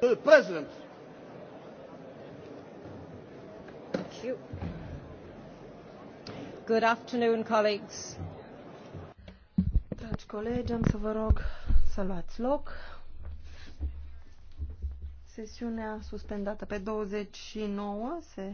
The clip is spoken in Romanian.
the president. Thank you. Good afternoon, colleagues. Dragi colegi, am să vă rog să luați loc. Sesiunea suspendată pe 29 se